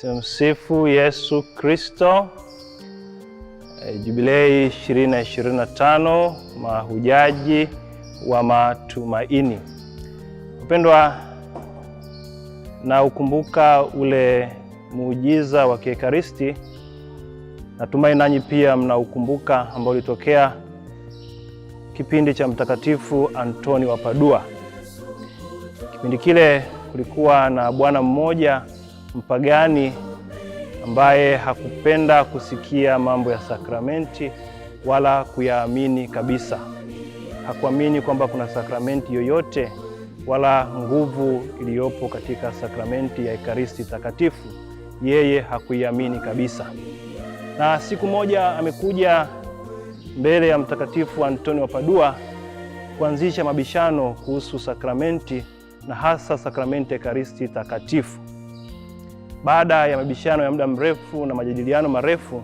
Tumsifu Yesu Kristo. Eh, jubilei 2025 mahujaji wa matumaini. Upendwa, na ukumbuka ule muujiza wa kiekaristi, natumai nanyi pia mnaukumbuka, ambao ulitokea kipindi cha Mtakatifu Antoni wa Padua. Kipindi kile kulikuwa na bwana mmoja mpagani ambaye hakupenda kusikia mambo ya sakramenti wala kuyaamini kabisa. Hakuamini kwamba kuna sakramenti yoyote wala nguvu iliyopo katika sakramenti ya Ekaristi Takatifu. Yeye hakuiamini kabisa, na siku moja amekuja mbele ya Mtakatifu Antoni wa Padua kuanzisha mabishano kuhusu sakramenti na hasa sakramenti ya Ekaristi Takatifu. Baada ya mabishano ya muda mrefu na majadiliano marefu,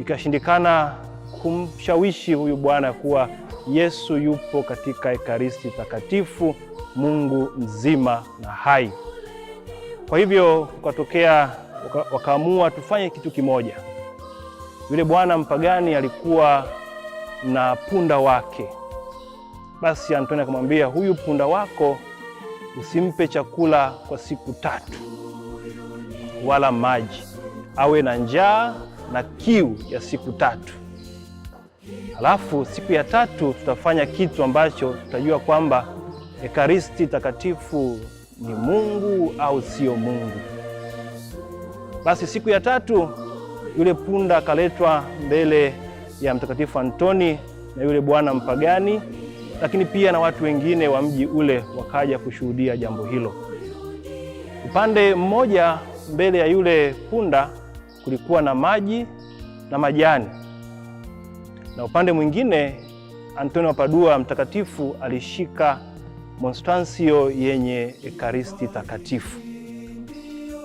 ikashindikana kumshawishi huyu bwana kuwa Yesu yupo katika Ekaristi Takatifu, Mungu mzima na hai. Kwa hivyo kukatokea, wakaamua tufanye kitu kimoja. Yule bwana mpagani alikuwa na punda wake. Basi Antonio akamwambia, huyu punda wako usimpe chakula kwa siku tatu wala maji, awe na njaa na kiu ya siku tatu. Alafu siku ya tatu tutafanya kitu ambacho tutajua kwamba Ekaristi Takatifu ni Mungu au sio Mungu. Basi siku ya tatu yule punda akaletwa mbele ya Mtakatifu Antoni na yule bwana mpagani, lakini pia na watu wengine wa mji ule wakaja kushuhudia jambo hilo. Upande mmoja mbele ya yule punda kulikuwa na maji na majani, na upande mwingine Antonio wa Padua mtakatifu alishika monstransio yenye ekaristi takatifu.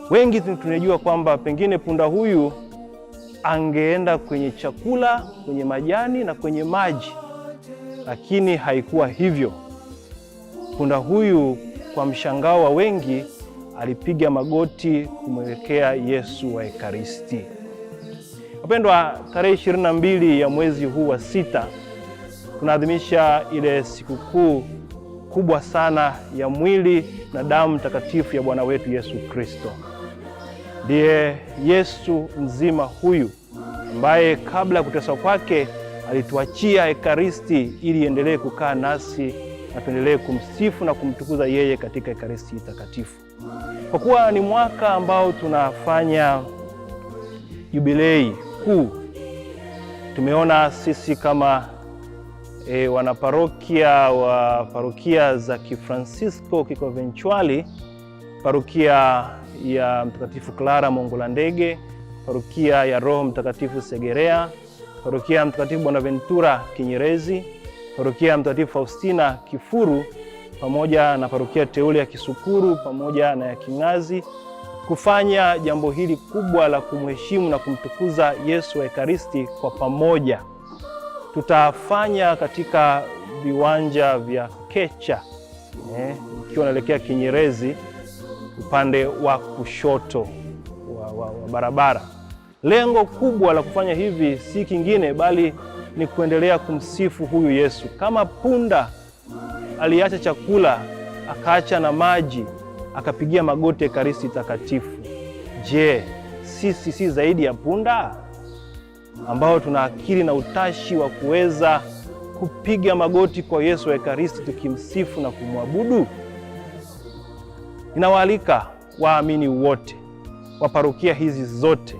Wengi tunajua kwamba pengine punda huyu angeenda kwenye chakula, kwenye majani na kwenye maji, lakini haikuwa hivyo. Punda huyu kwa mshangao wa wengi alipiga magoti kumwelekea Yesu wa Ekaristi. Wapendwa, tarehe 22 ya mwezi huu wa sita tunaadhimisha ile sikukuu kubwa sana ya mwili na damu takatifu ya Bwana wetu Yesu Kristo. Ndiye Yesu mzima huyu ambaye kabla ya kuteswa kwake alituachia Ekaristi ili iendelee kukaa nasi na tuendelee kumsifu na kumtukuza yeye katika Ekaristi Takatifu, kwa kuwa ni mwaka ambao tunafanya jubilei kuu. Tumeona sisi kama e, wanaparokia wa parokia za Kifransisko Kikonventuali, parokia ya Mtakatifu Clara ndege parokia ya Roho Mtakatifu Segerea, parokia ya Mtakatifu Bonaventura Kinyerezi parokia ya Mtakatifu Faustina Kifuru pamoja na parokia teule ya Kisukuru pamoja na ya King'azi kufanya jambo hili kubwa la kumheshimu na kumtukuza Yesu wa Ekaristi kwa pamoja. Tutafanya katika viwanja vya Kecha eh, ikiwa eh, naelekea Kinyerezi upande wa kushoto wa, wa, wa barabara. Lengo kubwa la kufanya hivi si kingine bali ni kuendelea kumsifu huyu Yesu. Kama punda aliacha chakula akaacha na maji akapigia magoti Ekaristi Takatifu, je, sisi si zaidi ya punda ambao tuna akili na utashi wa kuweza kupiga magoti kwa Yesu wa Ekaristi tukimsifu na kumwabudu? Ninawaalika waamini wote wa parokia hizi zote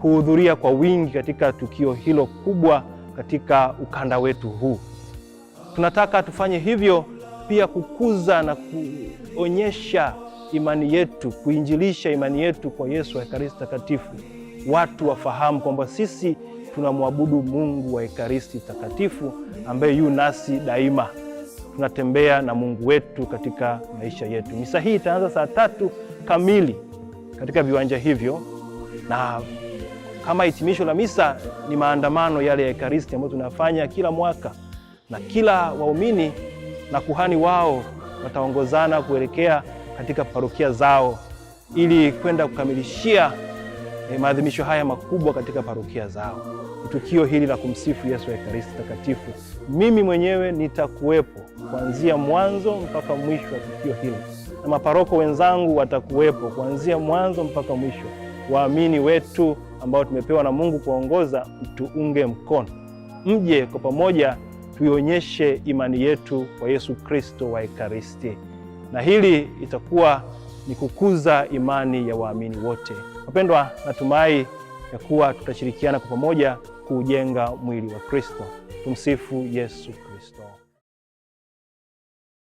kuhudhuria kwa wingi katika tukio hilo kubwa katika ukanda wetu huu. Tunataka tufanye hivyo pia kukuza na kuonyesha imani yetu, kuinjilisha imani yetu kwa Yesu wa Ekaristi Takatifu, watu wafahamu kwamba sisi tunamwabudu Mungu wa Ekaristi Takatifu ambaye yu nasi daima, tunatembea na Mungu wetu katika maisha yetu. Misa hii itaanza saa tatu kamili katika viwanja hivyo na kama hitimisho la misa ni maandamano yale ya Ekaristi ambayo tunafanya kila mwaka, na kila waumini na kuhani wao wataongozana kuelekea katika parokia zao ili kwenda kukamilishia eh, maadhimisho haya makubwa katika parokia zao. Tukio hili la kumsifu Yesu wa Ekaristi Takatifu, mimi mwenyewe nitakuwepo kuanzia mwanzo mpaka mwisho wa tukio hili, na maparoko wenzangu watakuwepo kuanzia mwanzo mpaka mwisho, waamini wetu ambao tumepewa na Mungu kuongoza, mtuunge mkono, mje kwa pamoja tuionyeshe imani yetu kwa Yesu Kristo wa Ekaristi, na hili itakuwa ni kukuza imani ya waamini wote. Wapendwa, natumai ya kuwa tutashirikiana kwa pamoja kuujenga mwili wa Kristo. Tumsifu Yesu Kristo.